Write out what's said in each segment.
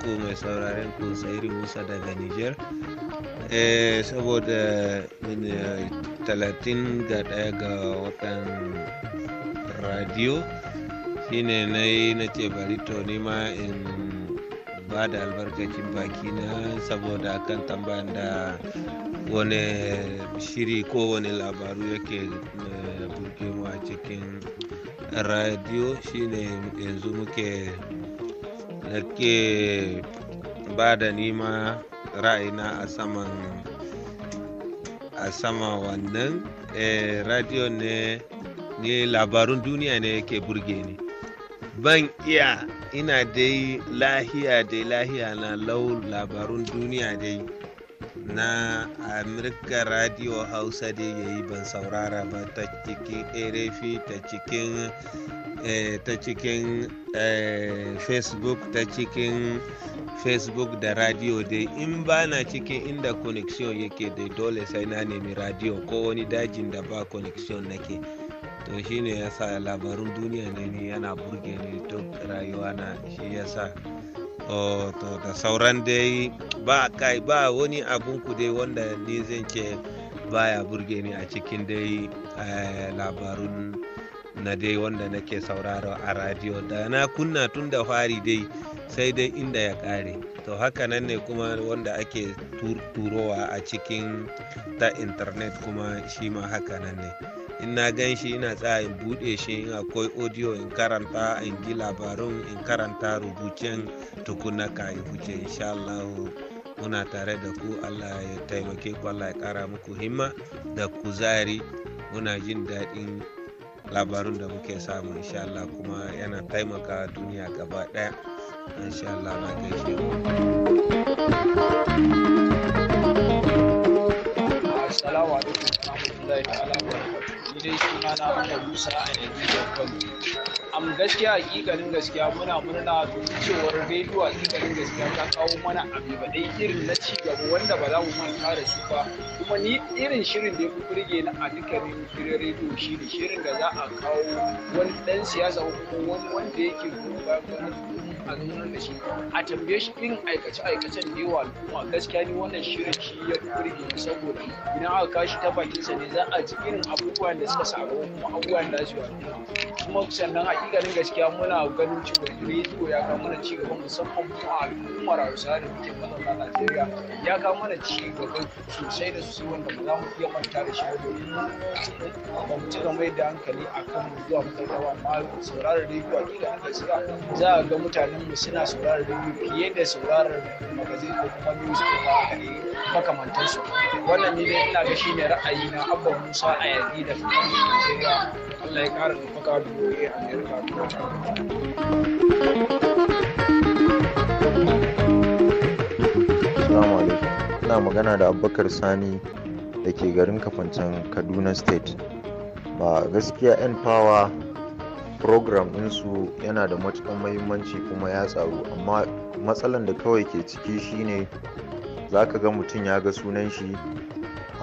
ku mai sauraren ku zairi musa daga niger eh, saboda talatin ga ɗaya ga watan radiyo shine na yi na ce barito in ba da albarkacin baki na saboda kan tambayan da wani shiri ko wani labaru yake eh, burkewa cikin radiyo shine yanzu muke nake ba da nima ra'ayina a saman a sama wannan eh, radio ne ne labarun duniya ne yake burge ni ban iya ina dai lahiya dai lahiya na lau labarun duniya dai na amurka radio hausa da ya yi ban saurara ba ta cikin erefi ta cikin eh, ta cikin eh, facebook ta cikin facebook da radio dai in ba na cikin inda connection yake dai dole sai na nemi radio ko wani dajin da ba connection nake to shine sa labarun duniya ne yana burge ni duk rayuwa na shi sa. Oh, da sauran dai ba kai ba wani abun ku dai wanda ni zan ce baya burge ni a cikin dai eh, labarun na dai wanda nake sauraro a radio da na kunna tun da fari dai sai dai inda ya kare to haka nan ne kuma wanda ake turowa a cikin ta intanet kuma shi ma haka nan ne in na gan shi ina tsaya in bude shi in akwai audio in karanta in ji labarun in karanta rubucin tukuna yi huce insha Allah muna tare da ku Allah ya taimake ku Allah ya kara muku himma da kuzari muna jin daɗin labarun da muke samu insha Allah kuma yana taimaka duniya gaba ɗaya insha Allah na gaishe mu Assalamu alaikum warahmatullahi ta'ala dai suna na mana musa a nabiyar kano am gaskiya hakikalin gaskiya muna murna domin cewar rediyo hakikalin gaskiya ta kawo mana dai irin na ci gaba wanda ba za mu manta da su ba kuma ni irin shirin da ya burge na a dukkanin shirin rediyo shi ne shirin da za a kawo wani dan siyasa ko wani wanda yake goyon A maganganun da shi a tambaye shi irin aikace aikacen da yawa al'umma gaskiya ni wannan shirin shi ya burge saboda idan aka kashi ta bakinsa ne za a ji irin abubuwan da suka samu kuma abubuwan da su yi kuma sannan hakikanin gaskiya muna ganin cewa rediyo ya kawo mana ci gaba musamman mu a al'ummar hausa da muke mazauna najeriya ya kawo mana ci gaba sosai da sosai wanda ba za mu iya manta da shi ba domin ba mu cika mai da hankali a kan zuwa makarrawa amma sauraron rediyo hakikanin gaskiya za a ga mutanen mu suna sauraron rediyo fiye da sauraron magazin ko kuma news ko makamantansu wannan ne ina ga shine ra'ayi na abba musa a yanzu da kuma najeriya Allah Ina magana da Abubakar Sani da ke garin kafancin Kaduna State. Ba gaskiya 'yan power program ɗinsu yana da matuƙar mahimmanci kuma ya tsaro amma matsalan da kawai ke ciki shine za ka ga mutum ya ga sunan shi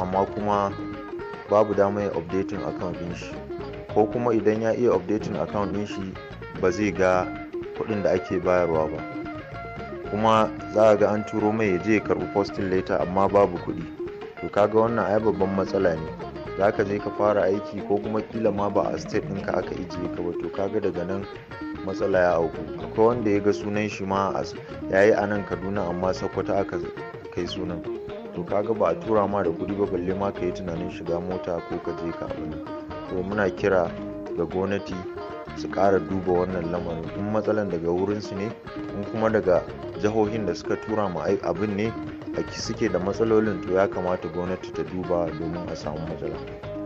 amma kuma babu damar updating account ɗin shi ko kuma idan ya iya updating account din shi ba zai ga kuɗin da ake bayarwa ba kuma za a ga an turo mai je ya karɓi posting later amma babu kuɗi to kaga wannan ai babban matsala ne za ka je ka fara aiki ko kuma kila ma ba a state ɗinka aka ijiye ka ba to kaga daga nan matsala ya auku akwai wanda ya ga sunan shi ma ya yi a nan kaduna amma sakwata aka kai sunan to kaga ba a tura ma da kuɗi ba balle ma ka yi tunanin shiga mota ko ka je ka abin to muna kira ga gwamnati su ƙara duba wannan lamarin in matsalan daga wurinsu ne in kuma daga jihohin da suka tura mu abin ne a suke da matsalolin to ya kamata gwamnati ta duba domin a samu matsala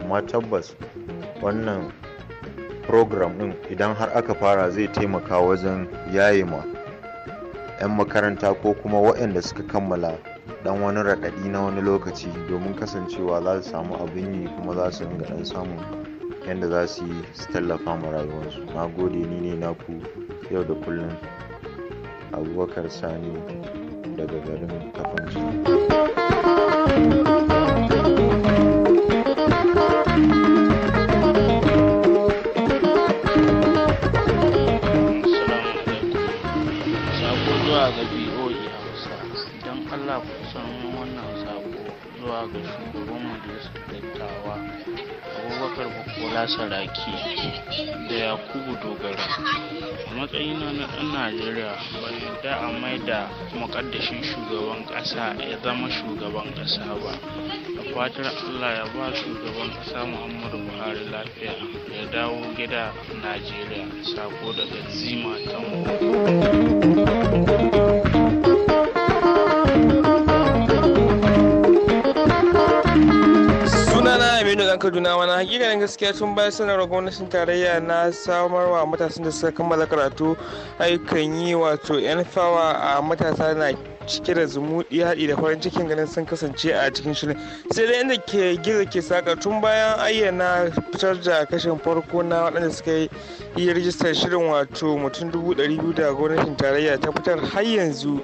amma tabbas wannan program ɗin idan har aka fara zai taimaka wajen yaye ma 'yan makaranta ko kuma waɗanda suka kammala ɗan wani raɗaɗi na wani lokaci domin kasancewa za su samu abin yi kuma za su ringa ɗan samun yadda za su yi su tallafa ma rayuwarsu na gode ni ne na ku yau da kullum abubakar sani daga garin kafin kafanci kira ga shugaban majalisar dattawa abubakar bukola saraki da yakubu dogara a matsayin na ɗan najeriya ban da a maida muƙaddashin shugaban ƙasa ya zama shugaban ƙasa ba a fatar allah ya ba shugaban ƙasa muhammadu buhari lafiya ya dawo gida najeriya sako daga zima ta jihar kaduna wani hakikanin gaskiya tun bayan sanarwar gwamnatin tarayya na samarwa matasan da suka kammala karatu aikan yi wato yan fawa a matasa na cike da zumuɗi haɗi da farin cikin ganin sun kasance a cikin shirin sai dai inda ke gizo ke saka tun bayan ayyana fitar da kashin farko na waɗanda suka yi rijistar shirin wato mutum dubu ɗari biyu da gwamnatin tarayya ta fitar har yanzu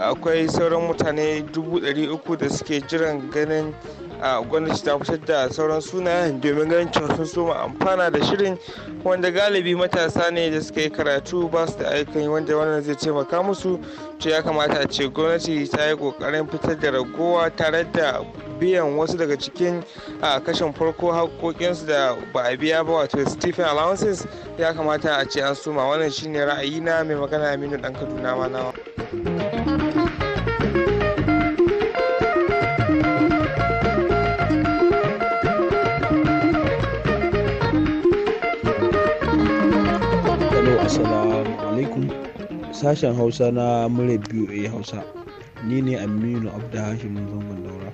akwai sauran mutane dubu ɗari uku da suke jiran ganin a gwamnati ta fitar da sauran sunayen domin ganin cewa sun soma amfana da shirin wanda galibi matasa ne da suka yi karatu ba su da aikin wanda wannan zai taimaka musu to ya kamata a ce gwamnati ta yi kokarin fitar da ragowa tare da biyan wasu daga cikin kashin farko haƙoƙinsu da ba a biya ba wato stephen allowances ya kamata a ce an suma wannan shine ra'ayi na mai magana aminu dan kaduna ma nawa. sashen hausa na murya a hausa ni ne aminu hashim zangon daura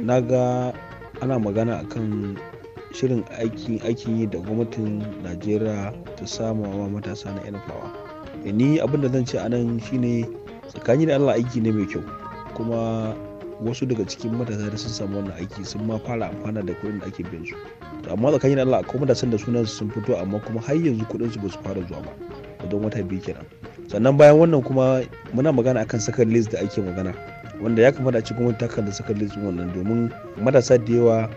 na ga ana magana akan shirin aikin aikin yi da gwamnatin najeriya ta sama wa matasa na yanfawa eh, ni abin da zan ce a nan shine tsakani da allah aiki ne mai kyau kuma wasu daga cikin matasa da sun samu wannan aiki sun ma fara amfana da kuɗin da ake biyan su to amma tsakanin Allah akwai matasan da sunan sun fito amma kuma har yanzu kuɗin su ba su fara zuwa ba wajen wata biyu kenan sannan bayan wannan kuma muna magana akan second list da ake magana wanda ya kamata a ci gwamnati ta kalli second list wannan domin matasa da yawa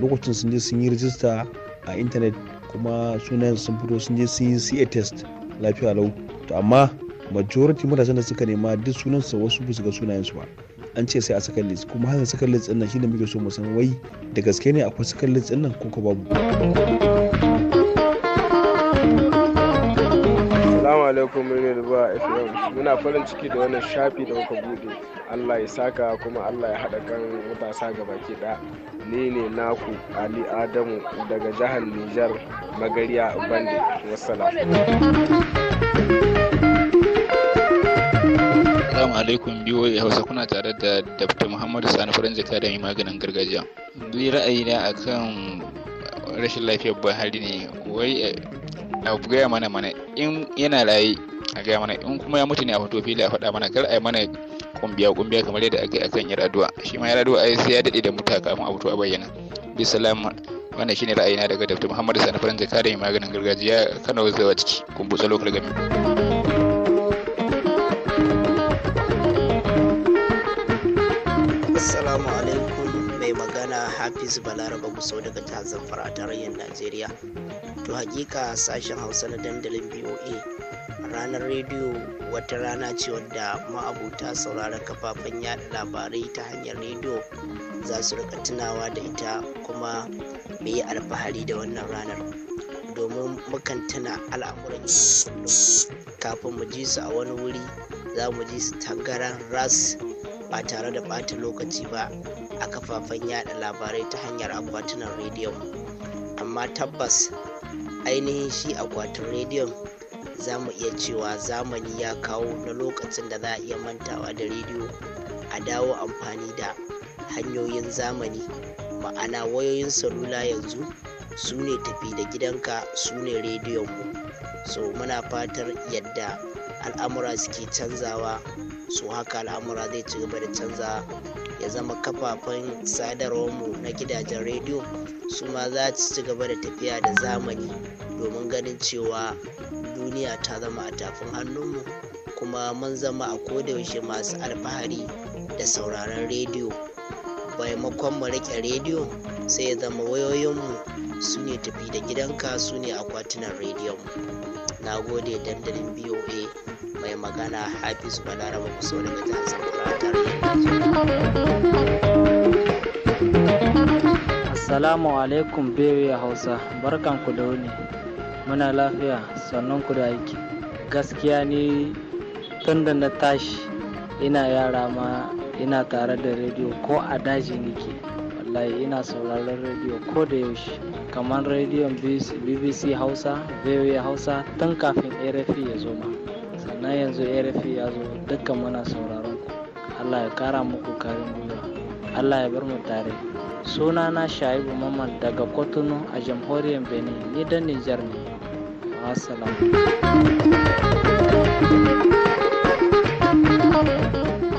lokacin sun je sun yi rijista a intanet kuma sunayen sun fito sun je sun yi ca test lafiya lau to amma majority matasan da suka nema duk sunansa wasu bisa ga su ba an ce sai a second list kuma hanyar second list din nan shine muke so mu san wai da gaske ne akwai second list din nan ko ko babu alaikum muryar zuwa fm muna farin ciki da wannan shafi da muka bude allah ya saka kuma allah ya haɗa kan matasa ga baki da ni ne naku ali adamu daga jihar nijar magariya bande wasala. Assalamu alaikum biyoyi Hausa kuna tare da Dr. Muhammadu Sani farin jaka da maganin gargajiya. Ni na akan rashin lafiyar Buhari ne wai a gaya mana mana in yana raye a gaya mana in kuma ya mutu ne a fito fili a faɗa mana kar a yi mana kumbiya kumbiya kamar yadda aka yi akan yar addu'a shi ma yar addu'a ai sai ya daɗe da muta kafin a fito a bayyana bisalam wannan shine ra'ayina daga dr muhammadu sani farin jaka da maganin gargajiya kano zawa ciki kun butsa lokal gami assalamu alaikum mai magana hafiz balaraba Musau daga Tazan fara a tarayyar najeriya to hakika sashen hausa na dandalin boa ranar rediyo wata rana ce wadda ma'abuta sauraron kafafen yada labarai ta hanyar rediyo za su rika tunawa da ita kuma mai yi alfahari da wannan ranar domin mukan tuna al'amuran kafin mu ji su a wani wuri za mu ji su tangaran ras ba tare da ɓata lokaci ba a kafafen yada labarai ta hanyar akwatunan rediyo amma tabbas ainihin shi akwatin rediyon za mu iya cewa zamani ya kawo na lokacin da za a iya mantawa da rediyo a dawo amfani da hanyoyin zamani ma'ana wayoyin salula yanzu su ne tafi da gidanka su ne rediyonmu so muna fatar yadda al'amura suke canzawa su haka al'amura zai ci gaba da canzawa ya zama kafafen mu na gidajen rediyo su ma za su ci gaba da tafiya da zamani domin ganin cewa duniya ta zama a tafin hannunmu kuma mun zama a kodayaushe masu alfahari da sauraron rediyo maimakon mu rike rediyo sai ya zama wayoyinmu su ne tafi da gidanka su ne akwatunan rediyonmu na gode dandalin boa mai magana hafizu balaraba kuso daga jihar zamfara assalamu alaikum bewe hausa barkanku da wuni muna lafiya sannan ku da aiki gaskiya ni tun da na tashi ina yara ma ina tare da rediyo ko a daji niki? wallahi ina sauraron rediyo ko da yaushe kamar rediyon bbc hausa voa hausa tun kafin rfi ya zo ma na yanzu rfi ya zo dukkan mana sauraron ku allah ya kara muku karin gwiwa allah ya bar mu tare suna na shaibu mamman daga kotunu a jamhuriyar benin ni da nijar ne